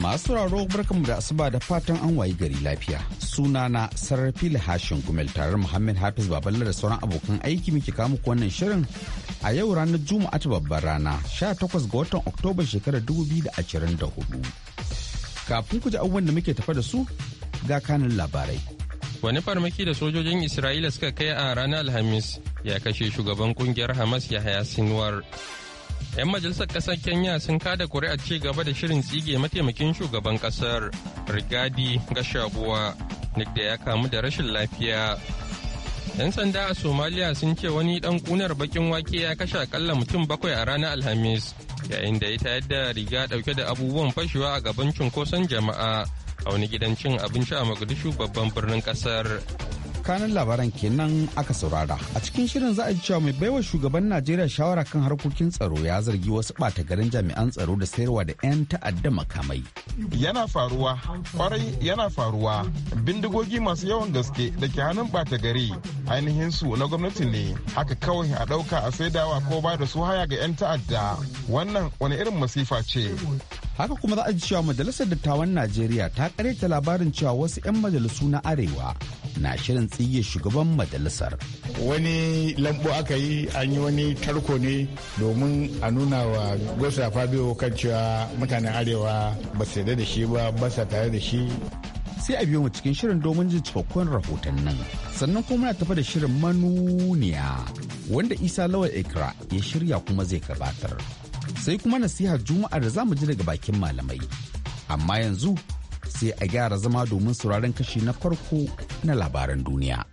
Masu raro barkanmu da asuba da fatan an wayi gari lafiya. Sunana Sarrafi Hashin Gumel tare Muhammad Hafiz Baballe da sauran abokan aiki muke kamu wannan shirin a yau ranar Juma'a ta babbar rana 18 ga watan Oktoba shekarar 2024. Kafin ku ji abubuwan da muke tafa da su ga kanin labarai. Wani farmaki da sojojin Isra'ila suka kai a ranar Alhamis ya kashe shugaban kungiyar Hamas ya haya Sinwar 'Yan majalisar ƙasar Kenya sun kada kuri'a ci gaba da shirin tsige mataimakin shugaban kasar Rigadi Gashabuwa duk da ya kamu da rashin lafiya. 'Yan sanda a Somalia sun ce wani dan kunar bakin wake ya kashe akalla mutum bakwai a ranar Alhamis yayin da ya tayar da riga dauke da abubuwan fashewa a gaban cunkoson jama'a a wani gidan cin abinci a Mogadishu babban birnin kasar. ranar labaran kenan aka saurara a cikin shirin za a ji cewa mai baiwa shugaban najeriya shawara kan harkokin tsaro ya zargi wasu ɓata garin jami'an tsaro da sayarwa da 'yan ta'adda makamai yana faruwa kwarai yana faruwa bindigogi masu yawan gaske da ke hannun ɓata gari ainihin su na gwamnati ne haka kawai a ɗauka a saidawa ko ba da su haya ga 'yan ta'adda wannan wani irin masifa ce haka kuma za a ji cewa majalisar dattawan najeriya ta karyata labarin cewa wasu 'yan majalisu na arewa na shirin ya shugaban majalisar. Wani lambu aka yi an yi wani tarko ne domin a nuna wa Gosa Fabio kan cewa mutanen Arewa ba su da shi ba ba sa tare da shi. Sai a biyo mu cikin shirin domin jin cikakkun rahoton nan. Sannan kuma na tafi da shirin manuniya wanda Isa Lawal Ikra ya shirya kuma zai gabatar. Sai kuma nasihar Juma'a da za mu ji daga bakin malamai. Amma yanzu sai a gyara zama domin sauraron kashi na farko na labaran duniya.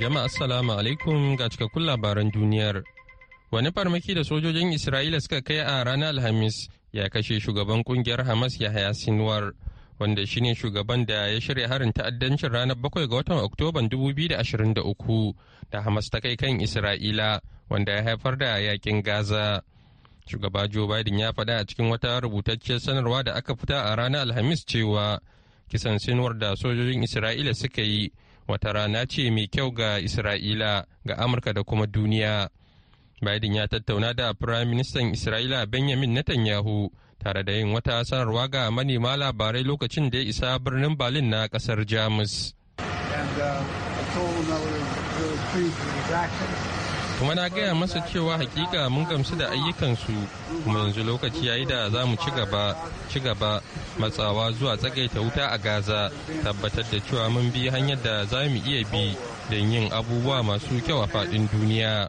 Jama'a Assalamu alaikum ga cikakkun labaran duniyar. Wani farmaki da sojojin Isra'ila suka kai a ranar Alhamis ya kashe shugaban kungiyar Hamas Yahaya sinuwar wanda shine shugaban da ya shirya harin ta'addancin ranar bakwai ga watan Oktoban 2023 da Hamas ta kai kan Isra'ila, wanda ya haifar da yakin Gaza. Shugaba Joe Biden ya faɗa a cikin wata rubutacciyar sanarwa da aka fita a ranar Alhamis cewa kisan sinuwar da sojojin Isra'ila suka yi wata rana ce mai kyau ga Isra'ila ga Amurka da kuma duniya. Biden ya tattauna da prime minister Isra'ila Benjamin Netanyahu tare da yin wata sanarwa ga manema labarai lokacin da ya isa birnin Berlin na kasar Jamus. Uh, kuma na gaya masa cewa hakika mun gamsu da ayyukansu kuma yanzu lokaci ya yi da za mu ci gaba matsawa zuwa tsagaita wuta a gaza tabbatar da cewa mun bi hanyar da za mu iya bi don yin abubuwa masu kyau a faɗin duniya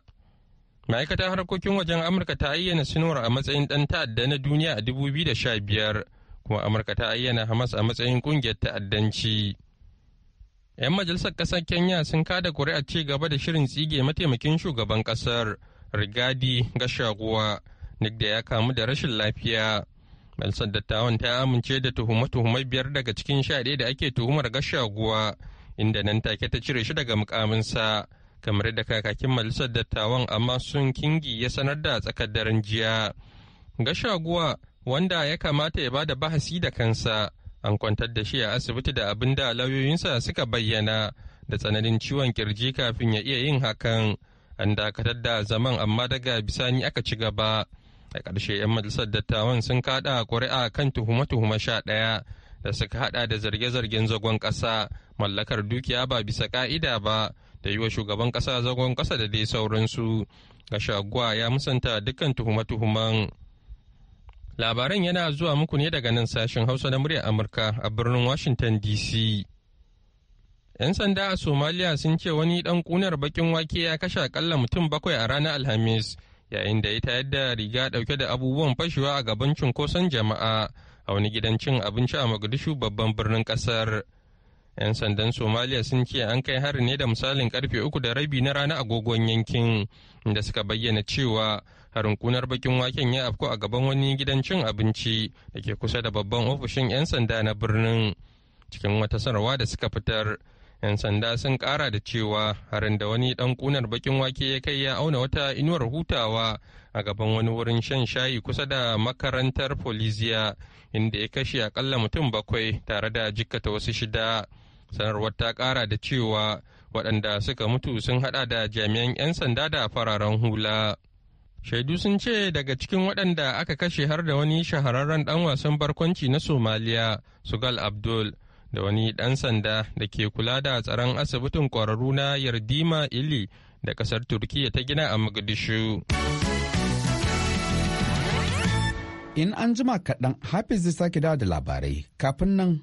ma'aikatar harkokin wajen amurka ta ayyana sinuwar a matsayin ɗan ta'adda na duniya a 2015 kuma amurka ta ayyana hamas a matsayin ƙungiyar ta'addanci 'Yan majalisar ƙasar Kenya sun kada kuri'a ci gaba da shirin tsige mataimakin shugaban ƙasar Rigadi Gashaguwa duk da ya kamu da rashin lafiya. Majalisar dattawan ta amince da tuhume-tuhume biyar daga cikin sha ɗaya da ake tuhumar Gashaguwa inda nan take ta cire shi daga mukaminsa kamar da kakakin majalisar dattawan amma sun kingi ya sanar da tsakar daren jiya. Gashaguwa wanda ya kamata ya bada bahasi da kansa an kwantar da shi a asibiti da abin da lauyoyinsa suka bayyana da tsananin ciwon kirji kafin ya iya yin hakan an dakatar da zaman amma daga bisani aka ci gaba a ƙarshe 'yan majalisar dattawan sun kaɗa ƙuri'a kan tuhume-tuhume sha ɗaya da suka haɗa da zarge-zargen zagon ƙasa mallakar dukiya ba bisa ƙa'ida ba da yi wa shugaban ƙasa zagon ƙasa da dai sauransu gashaguwa ya musanta dukkan tuhume-tuhumen Labaran yana zuwa muku ne daga nan sashen Hausa na muryar Amurka a birnin Washington DC. 'Yan sanda a Somaliya sun ce wani dan kunar bakin wake ya kashe akalla mutum bakwai a ranar Alhamis, yayin da ya tayar da riga ɗauke da abubuwan fashewa a gaban cunkoson jama'a a wani gidan cin abinci a Mogadishu babban birnin ƙasar. 'Yan sandan Somaliya sun ce an kai hari ne da misalin karfe uku da rabi na rana agogon yankin, inda suka bayyana cewa harin kunar bakin waken ya afko a gaban wani gidan cin abinci da ke kusa da babban ofishin 'yan sanda na birnin cikin wata sanarwa da suka fitar 'yan sanda sun kara da cewa harin da wani dan kunar bakin wake ya kai ya auna wata inuwar hutawa a gaban wani wurin shan shayi kusa da makarantar polisiya inda ya kashe akalla mutum bakwai tare da jikkata wasu shida sanarwar ta kara da cewa waɗanda suka mutu sun hada da jami'an 'yan sanda da fararen hula. shaidu sun ce daga cikin waɗanda aka kashe har da wani shahararren ɗan wasan barkwanci na somaliya sugal abdul da wani ɗan sanda da ke kula da tsaron asibitin ƙwararru na yardima ili da ƙasar turkiya ta gina a mogadishu in an jima kaɗan hafiz zai sake dawo da labarai kafin nan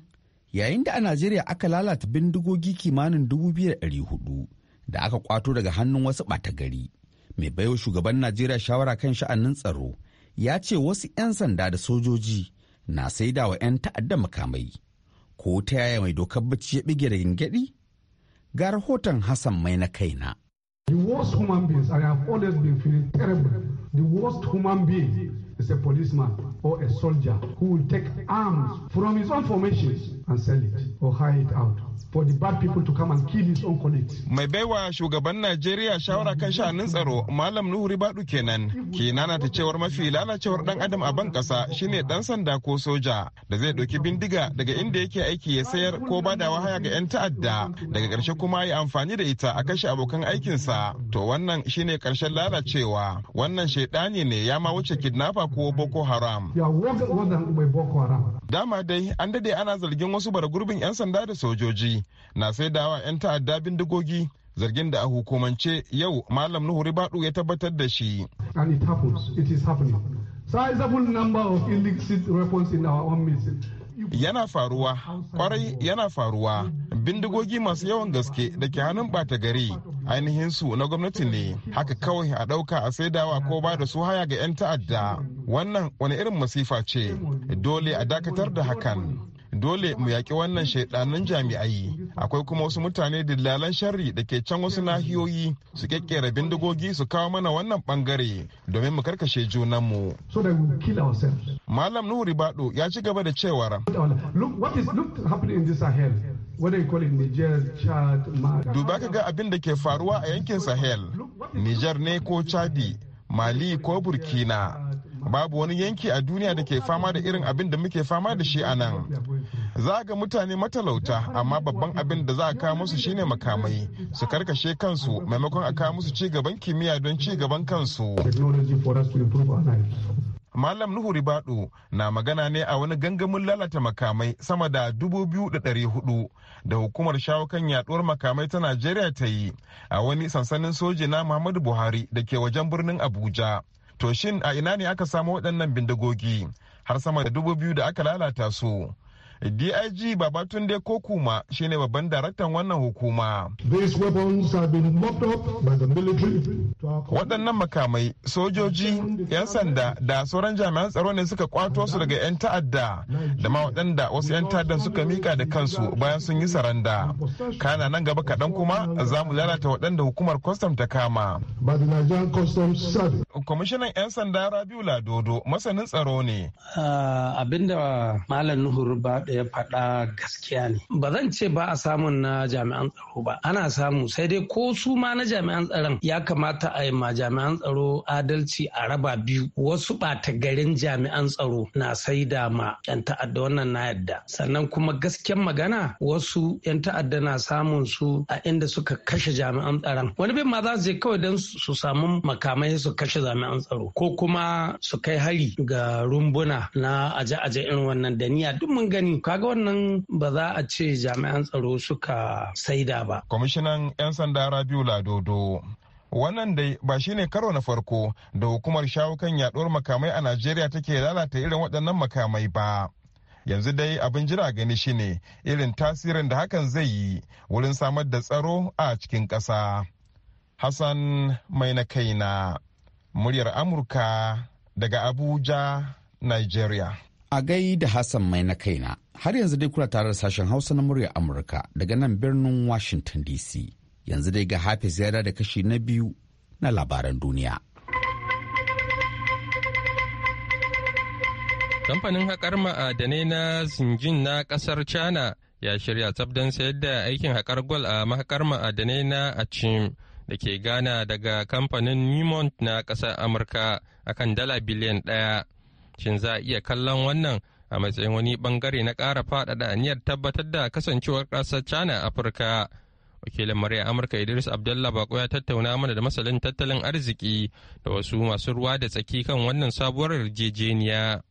yayin da a najeriya aka lalata bindigogi kimanin 2,400 da aka kwato daga hannun wasu ɓata gari mai baiwa shugaban najeriya shawara kan sha'anin tsaro ya ce wasu 'yan sanda da sojoji na saida wa 'yan ta'adda makamai ko ta yaya mai dokar bacci ya bige da gingadi ga rahoton hassan mai na kaina The worst human beings, I always been feeling terrible. The worst human beings is a policeman or a soldier who will take arms from his own formations and sell it or hire it out for the bad people to come and kill his own colleagues. Mai baiwa shugaban Najeriya shawara kan sha'anin tsaro Malam Nuhu Ribadu kenan ke ta cewar mafi lalacewar dan adam a ban kasa shine dan sanda ko soja da zai dauki bindiga daga inda yake aiki ya sayar ko badawa haya ga 'yan ta'adda daga karshe kuma ya amfani da ita a kashe abokan aikinsa to wannan shine karshen lalacewa wannan shaidani ne ya ma wuce kidnapper ko Boko Haram. Dama dai an dade ana zargin wasu bara gurbin 'yan sanda da sojoji na sai saidawa 'yan ta'adda bindigogi zargin da a hukumance yau Malam Nuhu Ribadu ya tabbatar da shi. Sizable number of illicit weapons in our own midst. yana faruwa kwarai yana faruwa bindigogi masu yawan gaske da ke hannun bata gari ainihin su na gwamnati ne haka kawai a ɗauka a saidawa ko ba da su haya ga 'yan ta'adda wannan wani irin masifa ce dole a dakatar da hakan dole mu yaƙi wannan shaidanun jami'ai akwai kuma wasu mutane dillalan sharri da ke can wasu nahiyoyi su kekkera bindigogi su kawo mana wannan bangare domin mu karkashe junanmu malam nuhu ribado ya ci gaba da cewar duba ka ga abin da ke faruwa a yankin sahel niger ne ko chadi mali ko burkina babu wani yanki a duniya da ke fama da irin abin da muke fama da shi a nan za ga mutane matalauta amma babban abin da za a kawo musu shine makamai su karkashe kansu maimakon a kawo musu ci gaban kimiyya don ci gaban kansu Malam Nuhu Ribadu na magana ne a wani gangamin lalata makamai sama da 2,400 da hukumar shawo kan yaduwar makamai ta Najeriya ta yi a wani sansanin soji na Muhammadu Buhari da ke wajen birnin Abuja. To shin a ina ne aka samu waɗannan bindigogi har sama da dubu biyu da aka lalata su? DIG Babatunde Kokuma shine babban daraktan wannan hukuma. Waɗannan makamai, sojoji, 'yan sanda da sauran jami'an tsaro ne suka kwato su daga 'yan ta'adda da ma waɗanda wasu 'yan ta'addan suka mika da kansu bayan sun yi saranda. Kana nan gaba kaɗan kuma za mu lalata waɗanda hukumar kwastam ta kama. kwamishinan 'yan sanda rabiu ladodo masanin tsaro ne ah, abinda malam nuhu ruba ya faɗa gaskiya ne ba zan ce ba a samun na jami'an tsaro ba ana samu sai dai ko su ma na jami'an tsaron ya kamata a yi ma jami'an tsaro adalci a raba biyu wasu ɓata garin jami'an tsaro na saida da ma 'yan ta'adda wannan na yadda sannan kuma gaskiyan magana wasu 'yan ta'adda na samun su a inda suka kashe jami'an tsaron wani bin ma za su je kawai don su samu makamai su kashe jami'an tsaro ko kuma su kai hari ga rumbuna na aje-aje irin wannan daniya duk mun gani kaga wannan ba za a ce jami'an tsaro suka saida ba. Kwamishinan 'yan sanda Rabiu Ladodo wannan dai ba shine karo na farko da hukumar shawukan kan yaduwar makamai a najeriya take lalata irin waɗannan makamai ba yanzu dai abin jira gani shine irin tasirin da hakan zai yi wurin samar da tsaro a cikin ƙasa hassan mai na kaina muryar Amurka daga Abuja, Nigeria. A gai da Hassan mai na kaina, har yanzu dai kuna tare da sashen Hausa na muryar Amurka daga nan birnin Washington DC. Yanzu dai ga Hafiz ziyara da kashi na biyu na labaran duniya. Kamfanin haƙar ma'adanai na Zinjin na ƙasar China ya shirya tsabdan sayar da aikin haƙar gwal a mahaƙar ma'adanai na Achim. da ke gana daga kamfanin Newmont na ƙasar Amurka akan dala biliyan ɗaya. Shin za a iya kallon wannan a matsayin wani bangare na ƙara faɗaɗa aniyar tabbatar da kasancewar ƙasar China Afirka. wakilin murya amurka idris abdullah bako ya tattauna mana da masalin tattalin arziki da wasu masu ruwa da tsaki kan wannan sabuwar yarjejeniya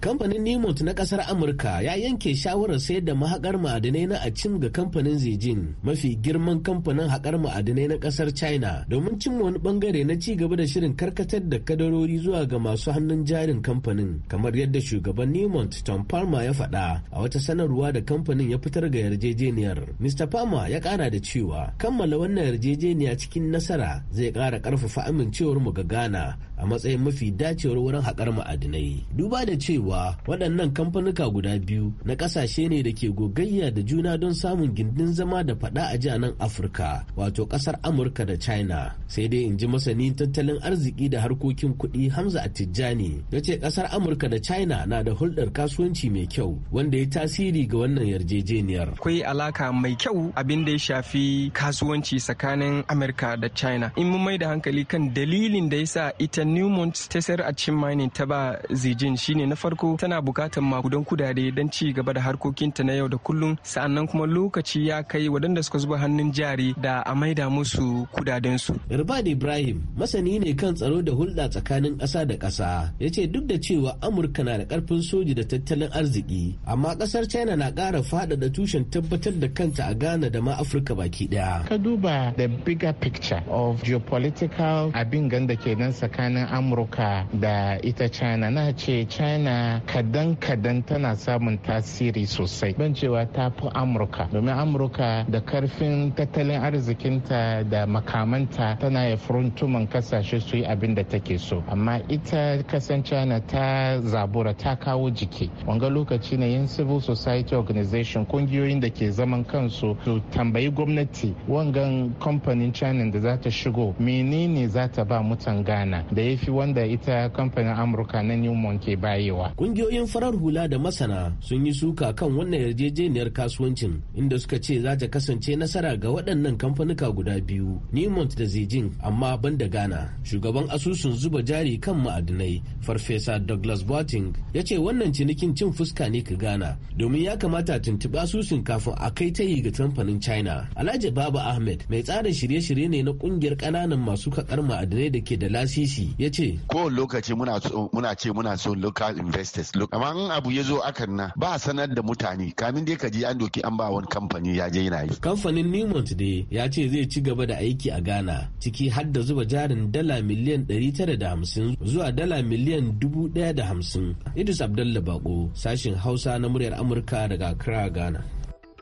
Kamfanin Nimot na kasar Amurka ya yanke shawarar sayar da mahakar ma'adinai na Acim ga kamfanin Zijin, mafi girman kamfanin haƙar ma'adinai na ƙasar China, domin cin wani ɓangare na ci gaba da shirin karkatar da kadarori zuwa ga masu hannun jarin kamfanin, kamar yadda shugaban Nimot Tom Palmer ya faɗa a wata sanarwa da kamfanin ya fitar ga yarjejeniyar. Mr. Palmer ya ƙara da cewa kammala wannan yarjejeniya cikin nasara zai ƙara ƙarfafa amincewar mu ga Ghana a matsayin mafi dacewar wurin haƙar ma'adinai. Duba da cewa cewa waɗannan kamfanuka guda biyu na ƙasashe ne da ke gogayya da juna don samun gindin zama da faɗa a jihar nan Afirka, wato ƙasar Amurka da China. Sai dai in ji masani tattalin arziki da harkokin kuɗi Hamza Attijani ya ce ƙasar Amurka da China na da hulɗar kasuwanci mai kyau wanda ya tasiri ga wannan yarjejeniyar. Akwai alaka mai kyau abin da ya shafi kasuwanci tsakanin Amurka da China. In mun mai da hankali kan dalilin da yasa ita Newmont ta sayar a cin mining ta ba Zijin shine na farko farko tana bukatar makudan kudade don ci gaba da harkokinta na yau da kullum sa'annan kuma lokaci ya kai waɗanda suka zuba hannun jari da a maida musu kudadensu. irbad Ibrahim masani ne kan tsaro da hulɗa tsakanin ƙasa da ƙasa ya ce duk da cewa Amurka na da ƙarfin soji da tattalin arziki amma ƙasar China na ƙara faɗaɗa tushen tabbatar da kanta a Ghana da ma Afirka baki ɗaya. Ka duba the bigger picture of geopolitical abin ganda kenan tsakanin Amurka da ita China na ce China kadan kadan tana samun tasiri sosai ban cewa ta fi amurka domin amurka da karfin tattalin arzikinta da makamanta tana ya furuntumin kasashe su yi abin da take so amma ita kasan china ta zabura ta kawo jiki wanga lokaci na yin civil society organization kungiyoyin da ke zaman kansu su tambayi gwamnati wangan kamfanin china da za ta shigo menene za ta ba mutan ghana da ya fi wanda ita kamfanin amurka na new ke bayewa Kungiyoyin farar hula da masana sun yi suka kan wannan yarjejeniyar kasuwancin inda suka ce za ta kasance nasara ga waɗannan kamfanuka guda biyu, Newmont da Zijin amma ban da Ghana. Shugaban asusun zuba jari kan ma'adinai, Farfesa Douglas Boating ya ce wannan cinikin cin fuska ne ka Ghana domin ya kamata tuntuɓi asusun kafin a kai ta yi ga kamfanin China. Alhaji Baba Ahmed mai tsara shirye-shirye ne na kungiyar ƙananan masu kakar ma'adinai da ke da lasisi ya ce. Kowane lokaci muna ce muna so local estate look amma in abu ya zo akan na ba sanar da mutane kamin dai ka je an doki an ba wani kamfani ya je yana yi kamfanin Newmont dai ya ce zai ci gaba da aiki a Ghana ciki har da zuba jarin dala miliyan 950 zuwa dala miliyan 1050 Idris Abdullahi Bako sashin Hausa na muryar Amurka daga Accra Ghana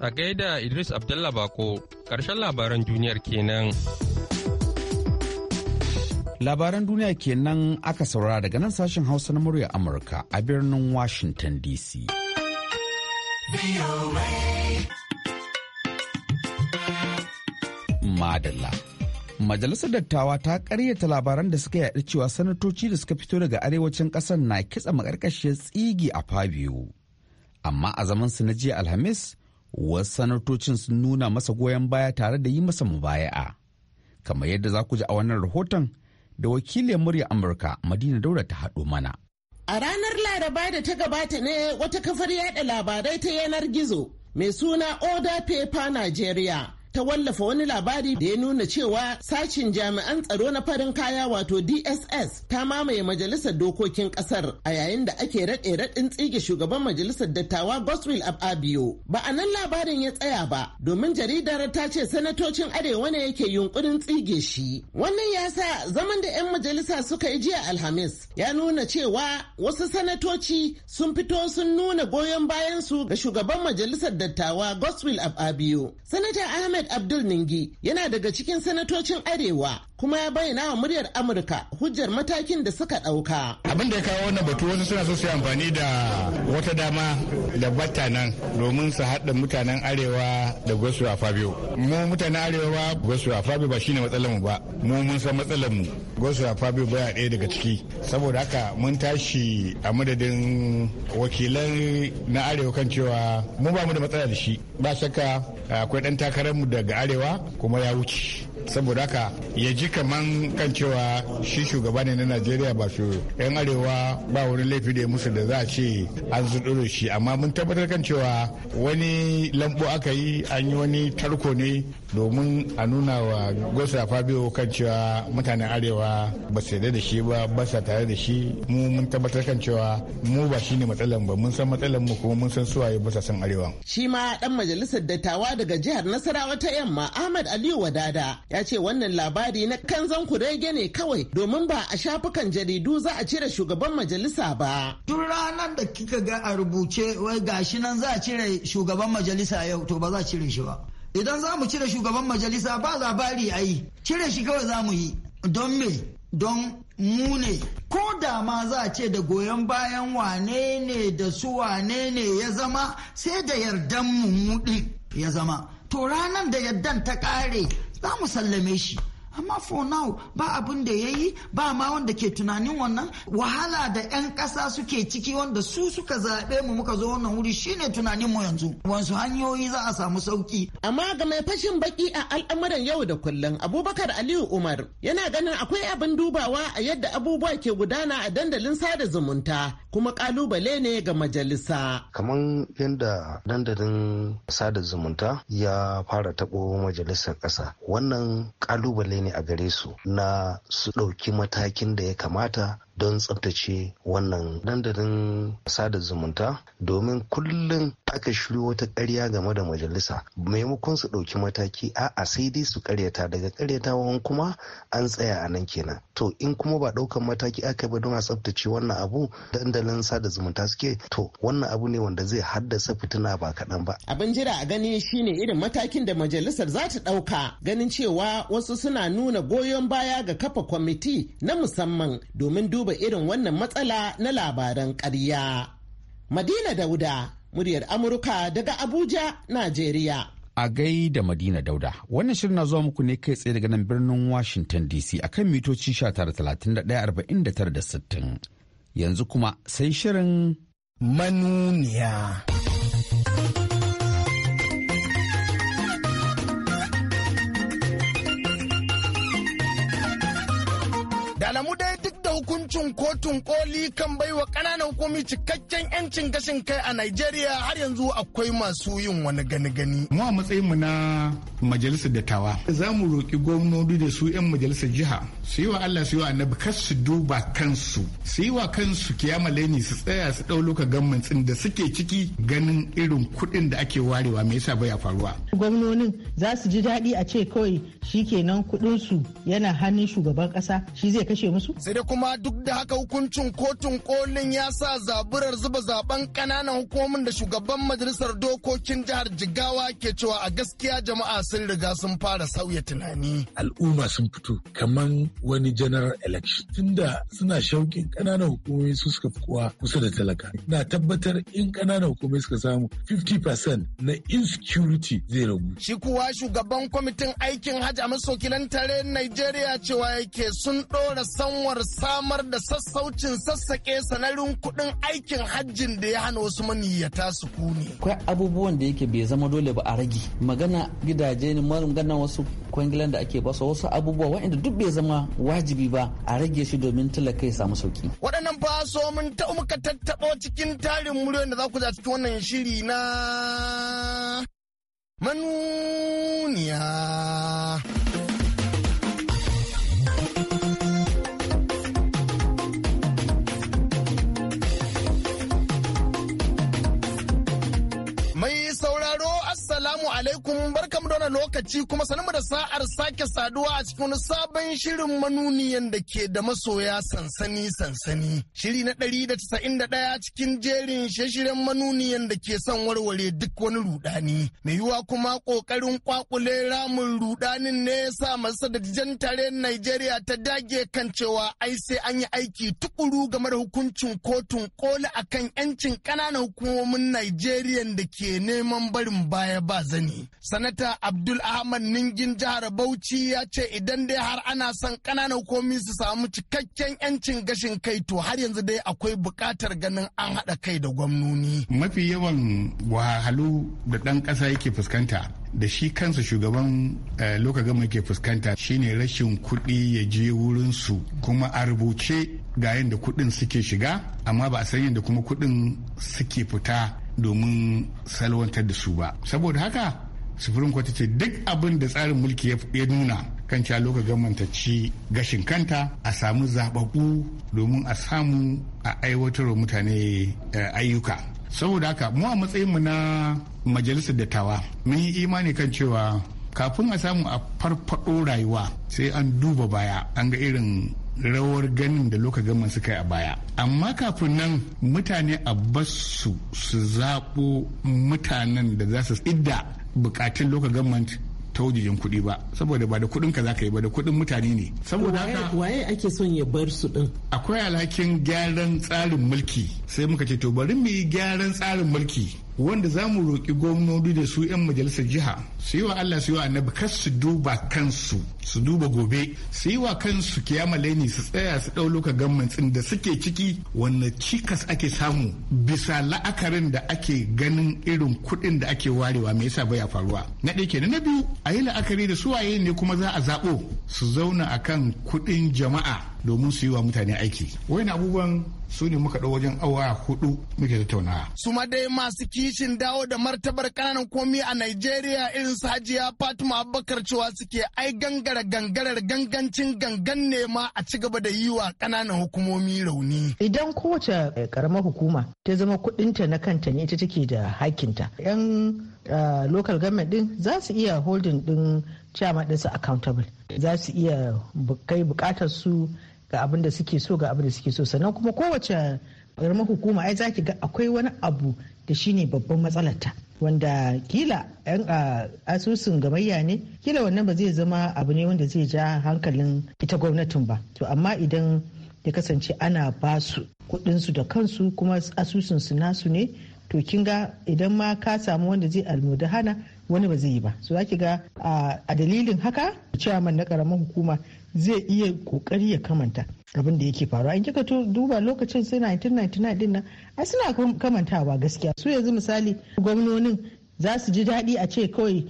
a gaida Idris Abdullahi Bako ƙarshen labaran duniyar kenan. Labaran duniya kenan aka saurara daga nan sashen Hausa na murya Amurka a birnin Washington DC. Madalla. Majalisar Dattawa ta karyata labaran da suka yaɗa cewa sanatoci da suka fito daga arewacin ƙasar na kitsa makarkashiyar tsigi a Fabio. Amma a zaman su na jiya Alhamis, wasu sanatocin sun nuna masa goyon baya tare da yi masa mubaya'a. Kamar yadda za ku ji a wannan rahoton, da wakilin murya Amurka Madina Daura ta haɗo mana. A ranar Laraba da ta gabata ne wata kafar yada labarai ta yanar gizo mai suna Oda pepa Nigeria ta wallafa wani labari da ya nuna cewa sashin jami'an tsaro na farin kaya wato DSS ta mamaye majalisar dokokin kasar a yayin da ake raɗe raɗin tsige shugaban majalisar dattawa Goswill Ababio. Ba a nan labarin ya tsaya ba domin jaridar ta ce sanatocin arewa ne yake yunkurin tsige shi. Wannan ya sa zaman da 'yan majalisa suka yi jiya Alhamis ya nuna cewa wasu sanatoci sun fito sun nuna goyon bayansu ga shugaban majalisar dattawa Goswill abiyu Sanata Ahmed Ahmed Abdul Ningi yana daga cikin sanatocin Arewa kuma ya bayyana wa muryar Amurka hujjar matakin da suka ɗauka. Abin da ya kawo wannan batu wasu suna so su amfani da wata dama da bata nan domin su haɗa mutanen Arewa da Gwasu a Fabio. Mu mutanen Arewa Gwasu a Fabio ba shine matsalar mu ba. Mu mun san matsalar mu. Gwasu a Fabio baya ɗaya daga ciki. Saboda haka mun tashi a madadin wakilan na Arewa kan cewa mu ba mu da matsala da shi. Ba shakka akwai ɗan takararmu daga arewa kuma ya wuce saboda haka ya ji kaman kan cewa shi shugaba ne na najeriya ba su yan arewa ba wani laifi da musu da za a ce an zuɗuro shi amma mun tabbatar kan cewa wani lambu aka yi an yi wani tarko ne domin a nuna wa gosa fabio kan cewa mutanen arewa ba su yarda da shi ba ba sa tare da shi mu mun tabbatar kan cewa mu ba shi ne matsalan ba mun san matsalan mu kuma mun san suwaye ba sa san arewa shi ma dan majalisar dattawa daga jihar nasarawa ta yamma ahmad aliyu wadada ya ce wannan labari na kanzan kurege ne kawai domin ba a shafukan jaridu za a cire shugaban majalisa ba. Tun ranar da kika ga a rubuce wai gashi nan za a cire shugaban majalisa yau to ba za a cire shi ba. Idan za mu cire shugaban majalisa ba labari a yi, cire shi kawai za mu yi. Don me? Don mune Ko da ma za a ce da goyon bayan wane ne da su wane ne ya zama sai da yardan mu ya zama. To ranar da yardan ta ƙare za mu sallame shi amma for now ba abin da ya yi ba ma wanda ke tunanin wannan wahala da 'yan ƙasa suke ciki wanda su suka zaɓe mu muka zo wannan wuri shine tunanin mu yanzu Wasu hanyoyi za a samu sauki amma ga mai fashin baki a al'amuran yau da kullum abubakar aliyu umar yana ganin akwai abin dubawa a yadda abubuwa ke gudana a dandalin sada zumunta kuma kalubale ne ga majalisa. Kamar yadda dandalin sada zumunta ya fara taɓo majalisar ƙasa wannan kalubale ne a gare su na su ɗauki matakin da ya kamata don tsabtace wannan dandalin sada zumunta domin kullum aka shiryo wata karya game da majalisa maimakon su ɗauki mataki a'a sai dai su karyata daga ƙaryatawan kuma an tsaya a nan kenan to in kuma ba ɗaukan mataki aka ba don a tsabtace wannan abu dandalin sada zumunta suke to wannan abu ne wanda zai haddasa fitina ba kaɗan ba abin jira a gani shine irin matakin da majalisar za ta ɗauka ganin cewa wasu suna nuna goyon baya ga kafa kwamiti na musamman domin duba duba irin wannan matsala na labaran ƙarya. Madina Dauda, muryar Amurka daga Abuja, Najeriya. A gai da Madina Dauda, wannan shirin na zuwa muku ne kai tsaye daga nan birnin Washington DC akan mitoci 19,31,49,60. Yanzu kuma sai shirin manuniya. Da alamu dai da hukuncin kotun koli kan baiwa kananan hukumi cikakken 'yancin gashin kai a Najeriya har yanzu akwai masu yin wani gani-gani. Mu a matsayinmu na majalisar dattawa za mu roƙi gwamnoni da su 'yan majalisar jiha su yi wa Allah su yi wa annabi kar su duba kansu su yi wa kansu kiyama su tsaya su ɗau lokacin gamman da suke ciki ganin irin kuɗin da ake warewa me yasa baya faruwa. Gwamnonin za su ji daɗi a ce kawai shi kenan kuɗinsu yana hannun shugaban ƙasa shi zai kashe musu. Sai kuma duk da haka hukuncin kotun kolin ya sa zaburar zuba zaben kananan hukumomin da shugaban majalisar dokokin jihar jigawa ke cewa a gaskiya jama'a sun riga sun fara sauya tunani al'umma sun fito kaman wani general election tunda suna shauƙin kananan hukumomi su suka fi kowa kusa da talaka na tabbatar in kananan hukumomi suka samu 50% na insecurity zai ragu shi kuwa shugaban kwamitin aikin hajji a masokilan tare Najeriya cewa yake sun ɗora sanwar samar da sassaucin sassaƙe sanarin kuɗin aikin hajjin da ya hana wasu maniyyata su kuni. Akwai abubuwan da yake bai zama dole ba a rage. Magana gidaje ne gana wasu kwangilan da ake basu wasu abubuwa wa'inda duk bai zama wajibi ba a rage shi domin talaka ya samu sauki. Waɗannan so mun ta muka tattaɓo cikin tarin muryoyin da za ku za cikin wannan shiri na manuniya. da lokaci kuma sanin da sa'ar sake saduwa a cikin wani sabon shirin manuniyan da ke da masoya sansani sansani. Shiri na ɗari da casa'in da ɗaya cikin jerin shirin manuniyan da ke son warware duk wani rudani. Mai yiwuwa kuma ƙoƙarin kwakule ramin rudanin ne ya sa masu dattijan tare Najeriya ta dage kan cewa ai sai an yi aiki tukuru game da hukuncin kotun koli akan 'yancin ƙananan hukumomin Najeriya da ke neman barin baya ba zani. Sanata Abdul Ahmad Ningin jihar Bauchi ya ce idan dai har ana son ƙananan komi su samu cikakken 'yancin gashin kai to har yanzu dai akwai buƙatar ganin an haɗa kai da gwamnoni. Mafi yawan wahalu da ɗan ƙasa yake fuskanta da shi kansa shugaban eh, loka gama yake fuskanta shine rashin kuɗi ya je wurinsu kuma a rubuce ga yadda kuɗin suke shiga amma ba a san yadda kuma kuɗin suke fita domin salwantar da su ba saboda haka supreme court ce duk abin da tsarin mulki ya nuna kan cewa lokacin ci gashin kanta a samu zababbu domin a samu a aiwatarwa mutane eh, ayyuka saboda haka mu a mu na majalisar dattawa mun yi imani kan cewa kafin a samu a farfado rayuwa sai an duba baya an ga irin rawar ganin da loka gaman suka yi a baya amma kafin nan mutane a basu su zaɓo mutanen da za su idda bukatun local government ta wajen kuɗi ba saboda ba da kuɗin ka zaka yi ba da kuɗin mutane ne saboda haka waye ake son ya bar su din akwai alhakin gyaran tsarin mulki sai muka ce to bari mu yi gyaran tsarin mulki wanda za mu roƙi gwamnoni da su 'yan majalisar jiha su yi wa Allah su yi wa annabi kar su duba kansu su duba gobe su yi wa kansu kiyama laini su tsaya su ɗau loka gammancin da suke ciki wanne cikas ake samu bisa la'akarin da ake ganin irin kuɗin da ake warewa me yasa baya faruwa na ɗaya kenan na biyu a yi la'akari da su waye ne kuma za a zaɓo su zauna akan kuɗin jama'a domin su yi wa mutane aiki wani abubuwan su ne muka ɗau wajen awa hudu muke tattaunawa. su ma dai masu kishin dawo da martabar kananan komi a nigeria irin su hajiya fatima abubakar cewa suke ai gangara gangarar gangancin gangan ne ma a ci gaba da yi wa kananan hukumomi rauni. idan kowace karamar eh, hukuma ta zama kuɗinta na kanta ne ita take da hakinta yan eh, local government din za su iya holding din chairman su accountable za su iya kai bukatar su ga abin da suke so ga abin da suke so sannan kuma kowace ƙaramar hukuma ai zaki ga akwai wani abu da shine babban ta wanda kila yan asusun gamayya ne kila wannan ba zai zama abu ne wanda zai ja hankalin ita gwamnatin ba to amma idan ya kasance ana ba su su da kansu kuma asusun su nasu ne to kin ga idan ma ka samu wanda zai hana wani ba zai yi ba so zaki ga a dalilin haka ciyaman na karamar hukuma zai iya kokari ya kamanta abin da yake faruwa in kika duba lokacin su 1999 din nan a suna kamantawa gaskiya su yanzu misali gwamnonin za su ji daɗi a ce kawai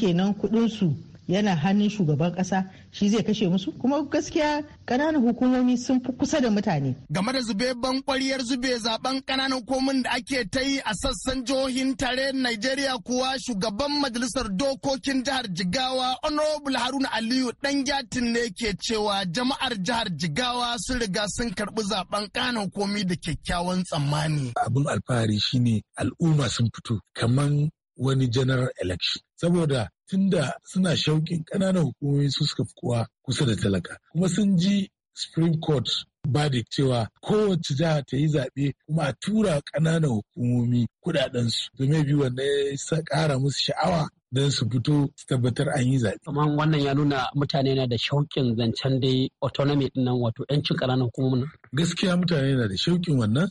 kenan kuɗin su yana hannun shugaban kasa shi zai kashe musu kuma gaskiya kananan hukumomi sun fi kusa da mutane game da zube ban kwariyar zube zaben kananan komin da ake ta yi a sassan jihohin tare nigeria kuwa shugaban majalisar dokokin jihar Jigawa Honorable Haruna Aliyu dan gyatin ne ke cewa jama'ar jihar Jigawa sun riga sun karbi zaben kananan komi da kyakkyawan tsammani abin alfahari shine al'umma sun fito kaman wani general election saboda tunda suna shauƙin ƙananan hukumomi su suka fi kowa kusa da talaka kuma sun ji supreme court da cewa kowace jiha ta yi zaɓe kuma a tura ƙananan hukumomi kuɗaɗensu domin biyu wanda ya ƙara musu sha'awa don su fito su tabbatar an yi zaɓe. Kamar wannan ya nuna mutane na da shauƙin zancen dai autonomy ɗin nan wato ‘yancin ƙananan hukumomin. Gaskiya mutane na da shauƙin wannan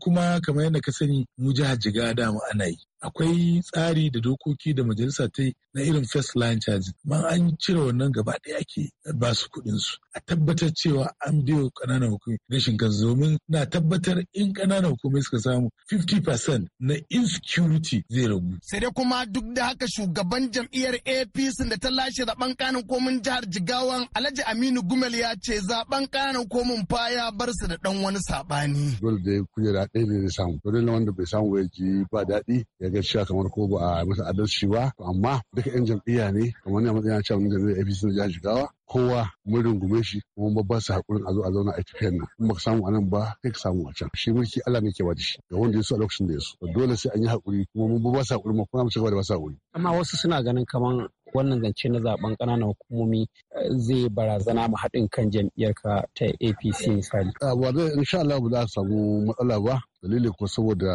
kuma kamar yadda ka sani mu jiha jiga dama ana yi akwai tsari da dokoki da majalisa ta yi na irin first line charge man an cire wannan gaba ɗaya ake ba su kuɗin su a tabbatar cewa an biyo ƙananan hukumai Na kansu domin na tabbatar in ƙananan hukumai suka samu 50% na insecurity zai ragu. sai dai kuma duk da haka shugaban jam'iyyar apc da ta lashe zaben kanin komin jihar jigawan alhaji aminu gumel ya ce zaben kanin komin fa ya bar su da ɗan wani saɓani. dole dai kujera ɗaya ne da samu dole wanda bai samu ya ji ba daɗi ga cewa kamar ko ba a masa adalci ba amma duka yan jam'iyya ne kamar ne a matsayin cewa mun jam'iyyar APC na jihar Jigawa kowa mun rungume shi kuma ba su hakurin a zo a zauna a tafiyar nan in ka samu a nan ba kai ka samu a can shi mulki Allah ne ke ba da shi ga wanda ya so a lokacin da ya so dole sai an yi hakuri kuma mun ba su hakuri kuma mun ci gaba da ba su hakuri amma wasu suna ganin kamar wannan zance na zaben ƙananan hukumomi eh, zai barazana mu haɗin kan jam'iyyarka ta apc misali. Ah, ba zai insha Allah ba za a samu matsala ba dalili kuma saboda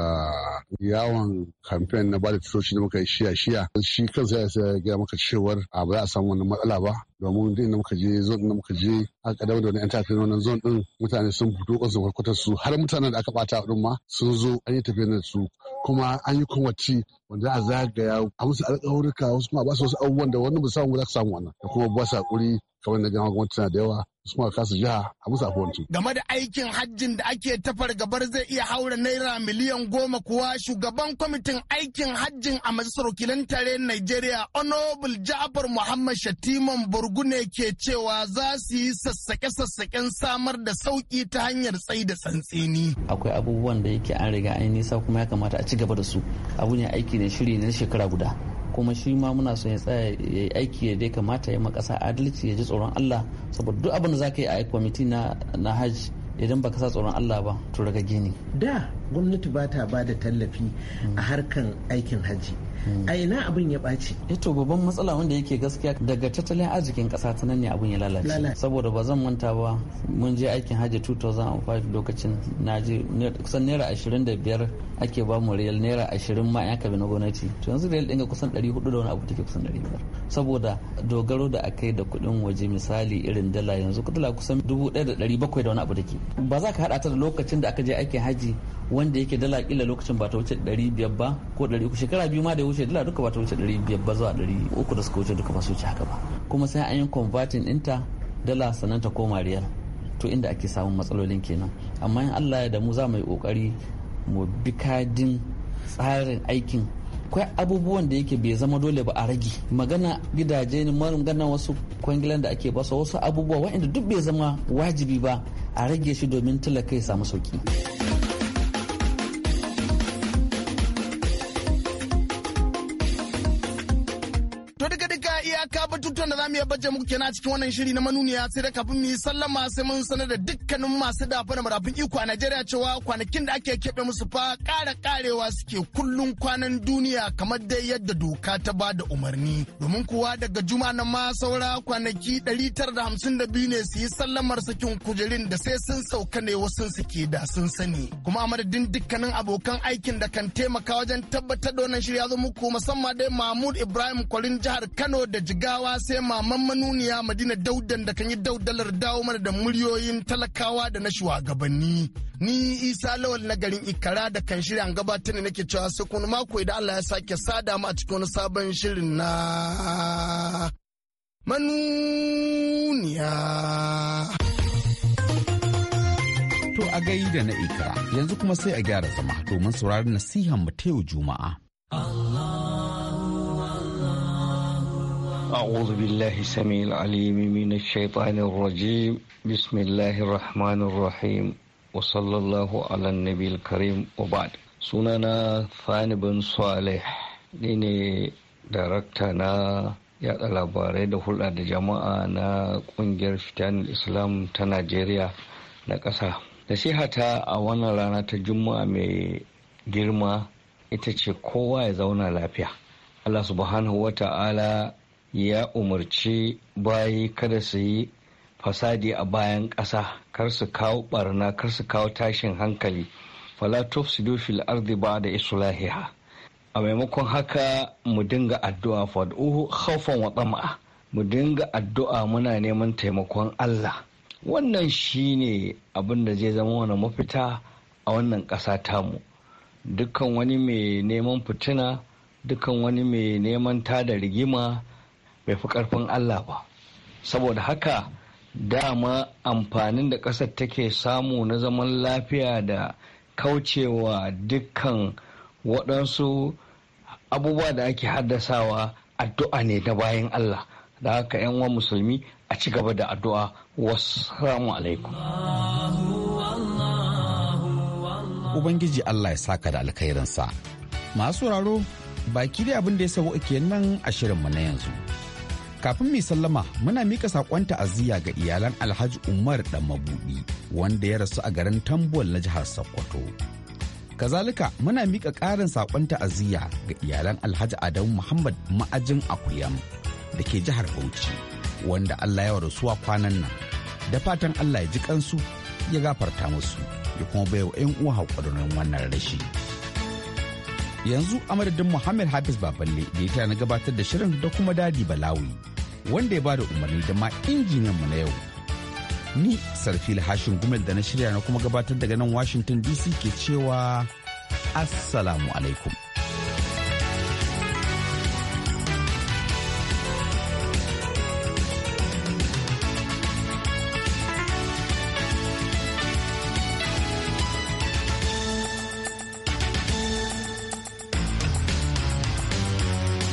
yawon kamfen na da titoci da muka yi shiya shiya shi kansa ya gaya maka cewar a ah, ba za a samu wani matsala ba domin duk inda muka je zo inda muka je a kadamar da wani yan tafiya wannan zon din mutane sun fito kwasu kwarkwatar su har mutanen da aka bata din ma sun zo an yi tafiya da su kuma an yi kwamaci wanda a zagaya a musu alƙawarka wasu kuma ba su wasu abubuwan da wani musamman za ka samu wannan da kuma ba sa haƙuri kamar na gama gwamnati da yawa suma kasu jiha a musu afuwanci. Game da aikin hajjin da ake tafar gabar zai iya haura naira miliyan goma kuwa shugaban kwamitin aikin hajjin a majalisar wakilan tare Najeriya Honorable Ja'far Muhammad Shatiman Burgune ke cewa za su yi sassake-sassaken samar da sauƙi ta hanyar tsayi da tsantseni. Akwai abubuwan da yake an riga an yi nisa kuma ya kamata a ci gaba da su. Abu ne aiki ne shiri na shekara guda. kuma shi ma muna so ya tsaya ya yi aiki ya dai kamata ya makasa adalci ya ji tsoron Allah saboda duk abin da za ka yi a kwamiti na na hajj idan baka sa tsoron Allah ba to daga gini da gwamnati ba ta ba da tallafi a harkan aikin hajji a ina abin ya ɓaci ito eh babban matsala wanda yake gaskiya daga tattalin arzikin ƙasa ta nan ne abin ya lalace saboda ba zan manta ba mun je aikin hajji 2005 lokacin na je kusan naira 25 ake ba mu riyal naira 20 ma ya kabi na gwamnati to yanzu riyal ɗin kusan 400 da wani abu take kusan 500 saboda dogaro da akai da kuɗin waje misali irin dala yanzu dala kusan 1700 da wani abu take ba za ka haɗa ta da lokacin da aka je aikin hajji wanda yake dala kila lokacin ba ta wuce 500 ba ko 300 shekara biyu ma da wuce dala duka ba ta wuce 500 ba zuwa 300 da suka wuce duka ba su wuce haka ba kuma sai an yi converting ɗinta dala sannan ta koma riyal to inda ake samun matsalolin kenan amma in Allah ya da mu za mu yi kokari mu bi kadin tsarin aikin akwai abubuwan da yake bai zama dole ba a rage magana gidaje ne magana wasu kwangilan da ake basu wasu abubuwa wa'inda duk bai zama wajibi ba a rage shi domin tilaka ya samu sauki. ya baje muku kenan cikin wannan shiri na manuniya sai da kafin mu yi sallama sai mun sanar da dukkanin masu dafa da marafin iko a Najeriya cewa kwanakin da ake kebe musu fa ƙara ƙarewa suke kullun kwanan duniya kamar dai yadda doka ta ba da umarni. Domin kuwa daga juma na ma saura kwanaki 952 ne su yi sallamar sakin kujerin da sai sun sauka ne wasu suke da sun sani. Kuma a madadin dukkanin abokan aikin da kan taimaka wajen tabbatar da wannan ya zo muku musamman dai Mahmud Ibrahim Kwalin jihar Kano da Jigawa sai Mahmud kamar manuniya madina daudan da kan yi daudalar dawo mana da muryoyin talakawa da na shugabanni ni isa lawal na garin ikara da kan shirya gabatar da nake cewa sai kuma mako idan allah ya sake sada mu a cikin wani sabon shirin na manuniya to a gai da na ikara yanzu kuma sai a gyara zama domin sauraron nasihan mu ta yau juma'a Allah أعوذ بالله السميع العليم من الشيطان الرجيم بسم الله الرحمن الرحيم وصلى الله على النبي الكريم وبعد sunana fani bin saleh ni ne darakta na yada labarai da hulɗa da jama'a na ƙungiyar fitan islam ta najeriya na ƙasa nasihata a wannan rana ta juma'a mai girma ita ce kowa ya zauna lafiya allah subhanahu wa ta'ala ya umarci bayi kada su yi fasadi a bayan ƙasa kar su kawo barna kar su kawo tashin hankali fala tufsidu ba da ba'da islahiha a maimakon haka mu dinga addu'a fad'uhu khawfan wa tama'a mu dinga addu'a muna neman taimakon Allah wannan shine abin da zai zama wani mafita a wannan ƙasa tamu dukkan wani mai neman fitina dukkan wani mai neman tada rigima bai fi karfin Allah ba saboda haka dama amfanin da ƙasar take samu na zaman lafiya da kaucewa dukkan waɗansu abubuwa da ake haddasawa addu'a ne da bayan Allah da haka 'yan uwan musulmi a ci gaba da addu'a wasu alaikum ubangiji Allah ya saka da alkhairinsa masu raro baki da abin da ya sabo nan a shirinmu na yanzu kafin mai sallama muna mika sakon ta'aziyya ga iyalan alhaji umar dan mabudi wanda ya rasu a garin tambol na jihar sokoto kazalika muna mika karin sakon ta'aziyya ga iyalan alhaji adamu muhammad ma'ajin akuyam da ke jihar bauchi wanda allah ya rasuwa kwanan nan da fatan allah ya ji kansu ya gafarta musu ya kuma baiwa 'yan uwa haƙurin wannan rashi yanzu amadadin muhammad hafiz baballe da ya na gabatar da shirin da kuma dadi balawi wanda ya ba da umarni da ma injiniyan mu na yau ni sarfil hashin gumel da na shirya na kuma gabatar daga nan washington dc ke cewa assalamu alaikum